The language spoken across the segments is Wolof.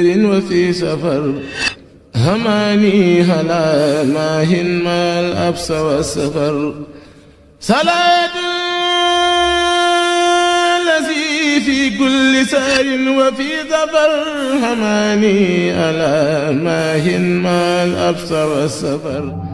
وفي سفر هماني هلا ماهن ما الأبس والسفر صلاة الذي في كل سار وفي سفر هماني ألا ماهن ما الأبس والسفر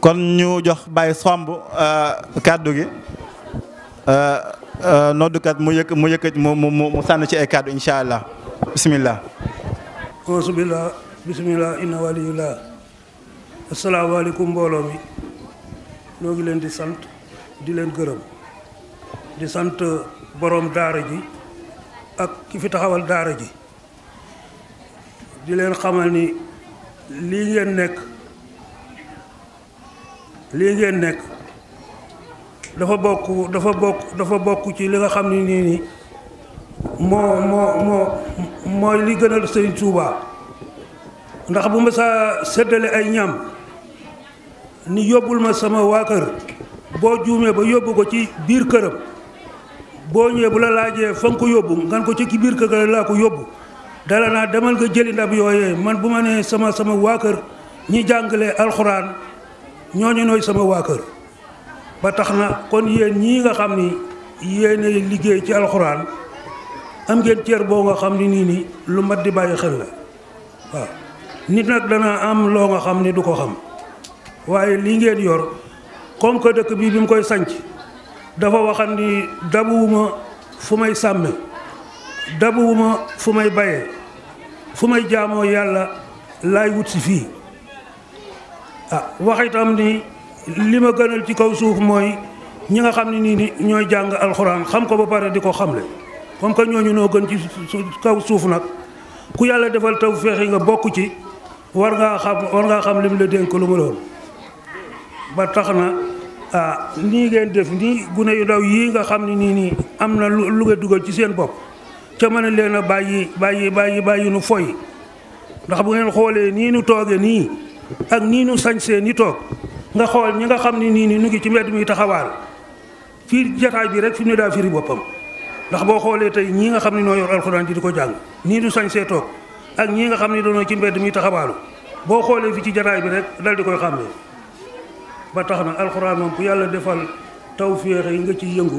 kon ñu jox Baye Somb euh, kàddu gi euh, euh, noddukat mu yëkk mu yëkkat mu mu mu sànn ci ay kàddu incha allah bisimilah. alhamdulilah bisimilah inna waliyullah mbooloo mi ñoo ngi leen di sant di leen gërëm di sant boroom daara ji ak ki fi taxawal daara ji di leen xamal ni lii ngeen nekk. lii ngeen nekk dafa bokk dafa bokk dafa bokk ci li nga xam ne nii nii moo moo moo mooy li gënal Sëriñ Tuubaa ndax bu ma saa séddale ay ñam ni yóbbul ma sama waakër boo juumee ba yóbbu ko ci biir këram boo ñëwee bu la laajee fa nga ko yóbbu ngan ko ci ki biir kër laa ko yóbbu dala naa demal nga jëli ndab yooyee man bu ma nee sama sama waa kër ñi jàngalee alxuraan ñooñu noy sama waa kër ba tax na kon yéen ñii nga xam ni yéenay liggéey ci alxuraan am ngeen cër boo nga xam ni nii nii lu mat di bàyyi xel la waaw nit nag dana am loo nga xam ni du ko xam waaye lii ngeen yor comme que dëkk bii bi mu koy sanc dafa waxam ni dabuwuma fu may sàmme dabuwuma fu may bayee fu may jaamoo yàlla laay wut fii ah wax itam ni li ma gënal ci kaw suuf mooy ñi nga xam ne nii ni ñooy jàng alxuraan xam ko ba pare di ko xamle comme que ñooñu noo gën ci kaw suuf nag ku yàlla defal taw yi nga bokk ci war ngaa xam war ngaa xam lim la dénk lu mu loon ba tax na ah nii ngeen def nii gune yu ndaw yii nga xam ne nii nii am na lu nga dugal ci seen bopp ca mën a leen bàyyi bàyyi bàyyi bàyyi nu foy ndax bu ngeen xoolee nii nu tooge nii ak nii ñu sañsee ni toog nga xool ñi nga xam ne nii ni ñu ngi ci mbedd mi taxawaal fii jataay bi rek fi mu ne daa boppam ndax boo xoolee tey ñii nga xam ne noo yor alxuraan ji di ko jàng nii ñu sañsee toog ak ñii nga xam ne dañoo ci mbedd mi taxawaalu boo xoolee fi ci jataay bi rek dal di koy xàmmee ba tax na alxuraan moom ku yàlla defal tawféex yi nga ci yëngu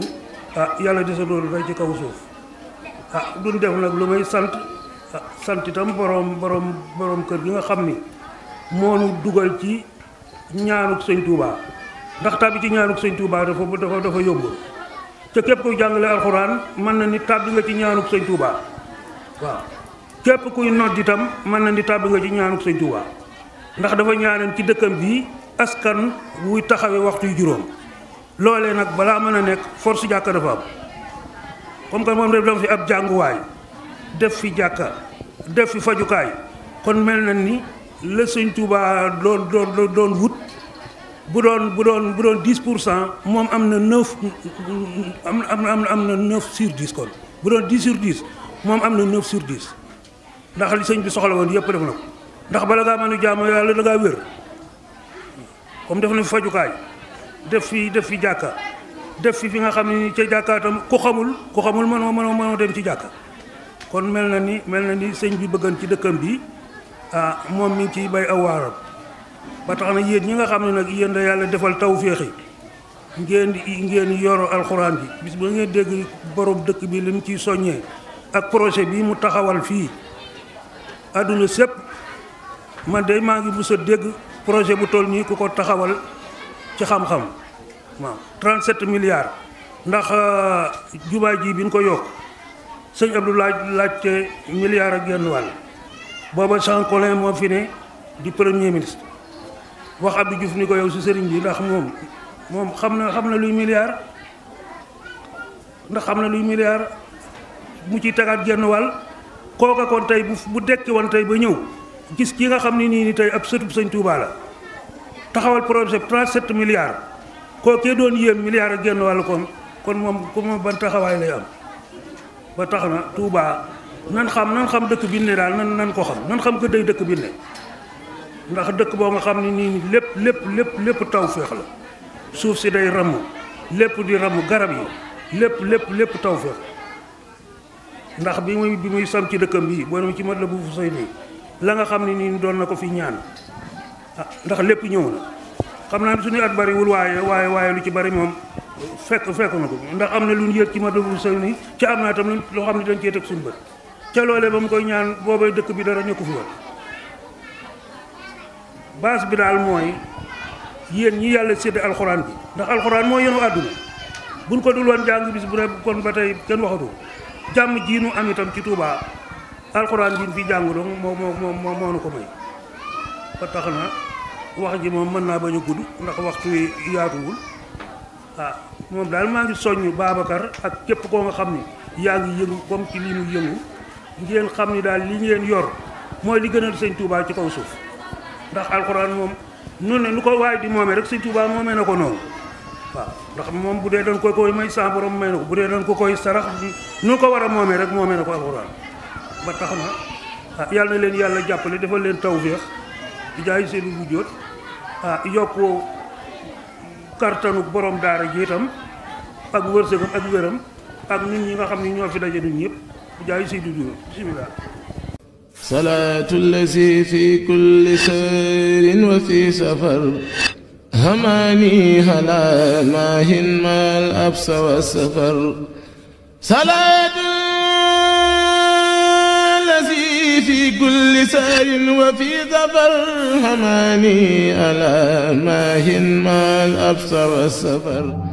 ah yàlla desa doolu rek ci kaw suuf ah duñ def nag lu may sant ah, sant itam borom borom borom kër gi nga xam ni moo nu dugal ci ñaanuk sëñ Touba ndax tàbbi ci ñaanuk sëñ Touba dafa dafa dafa yóbbu te képp kuy jàngale alxuraan mën na ni tàbbi nga ci ñaanuk sëñ Touba képp kuy nodd mën na ni tàbbi nga ci ñaanuk sëñ Touba ndax dafa ñaanal ci dëkkam bi askan wuy taxawee waxtu yu juróom loole nag balaa mën a nekk force jàkka dafa am comme que moom rek dama fi ab jànguwaay def fi jàkka def fi fajukaay kon mel na ni. la sëñ Touba doon doon doon wut bu doon bu doon bu doon dix pour cent moom am na neuf am am am na neuf sur dix kon bu doon dix sur dix moom am na neuf sur dix ndax li sëñ bi soxla woon yëpp def na ko ndax bala ngaa mën a jaamu yàlla dangaa ngaa wér comme def na fi fajukaay def fi def fi jàkka def fi fi nga xam ne ca jàkka tam ku xamul ku xamul mënoo mënoo mënoo dem ci jàkka kon mel na ni mel na ni sëñ bi bëggan ci dëkkam bii Ah, moom mi ngi ciy bay aw waaram ba tax na yéen ñi nga xam ne nag yéen da yàlla defal tawféex yi ngeen ngeen yoro alxuraan bi bis ba ngeen dégg borom dëkk bi li mu ciy soññee ak projet bi mu taxawal fii àdduna sépp man de maa ngi mës a dégg projet bu toll nii ku ko taxawal ci xam-xam waaw 37 milliards ndax ah, jumaa ji bi ñu ko yokk sëñ lu laaj laajte milliards ak genn wàll booba Jean Collin moo fi ne di premier ministre wax Abdou Diouf ni ko yow si sëriñ bi ndax moom moom xam na xam na luy milliard ndax xam na luy milliard mu ci tagaat genn wàll kooka kon tey bu bu dekki woon tey ba ñëw gis ki nga xam ne nii tey ab sëtub sëñ taxawal projet 37 milliards kookee doon yéem milliards ak genn wàll kon kon moom ku moom ban taxawaay lay am ba tax na Touba nan xam nan xam dëkk bi ne daal nan nan ko xam nan xam ko day dëkk bi ne ndax dëkk boo nga xam ne nii lépp lépp lépp lépp taw féex la suuf si day ram lépp di ramm garab yi lépp lépp lépp tow féex ndax bi muy bi muy sam ci dëkkam bii boo ci mat la bu fu say nii la nga xam ne nii doon na ko fi ñaan ah, ndax lépp ñëw na xam naa ne suñu at bariwul waaye waaye waaye lu ci bari moom fekk fekk na ko ndax am na lu ñu yëg ci mat la bu fu say nii ca am naa tam loo xam ne dañ cee teg suñu bët ca loole ba mu koy ñaan boobay dëkk bi dara ñëkku fi woon baas bi daal mooy yéen ñi yàlla sédd alxuraan bi ndax alxuraan moo yenu àdduna buñ ko dul woon jàng bis bu ne ba tey kenn waxatu jàmm jii nu am itam ci Touba alxuraan ji fi jàng dong moo moo moo moo nu ko may ba tax na wax ji moom mën naa bañ a gudd ndax wax ci yaatuwul ah moom daal maa ngi soññ Babacar ak képp koo nga xam ni yaa ngi yëgu comme ci lii muy yëngu ngeen xam ni daal li ngeen yor mooy li gënal sëñ Touba ci kaw suuf ndax alxuraan moom nun ne nu ko waay di moomee rek sëñ Touba moomee na ko noonu waaw ndax moom bu dee dañ ko koy sa borom may na ko bu dee dañ ko koy sarax nu ko war a moomee rek moomee na ko alxuraan ba tax na ah, yàlla na leen yàlla jàppale defal leen tawféex di jaay seen wujjoot ah yokk kartanu borom daara ji itam ak wërsëgam ak wéram ak nit ñi nga xam ne ñoo fi daje ñun ñëpp jaay si du dugub bisimilah. salaatu lazi fi kulli sayrin wa fi safar. hamaani halal maahin maal absa wa safar. salaatu lazi fi kulli sayrin wa fi safar. hamaani halal maahin maal absa wa safar.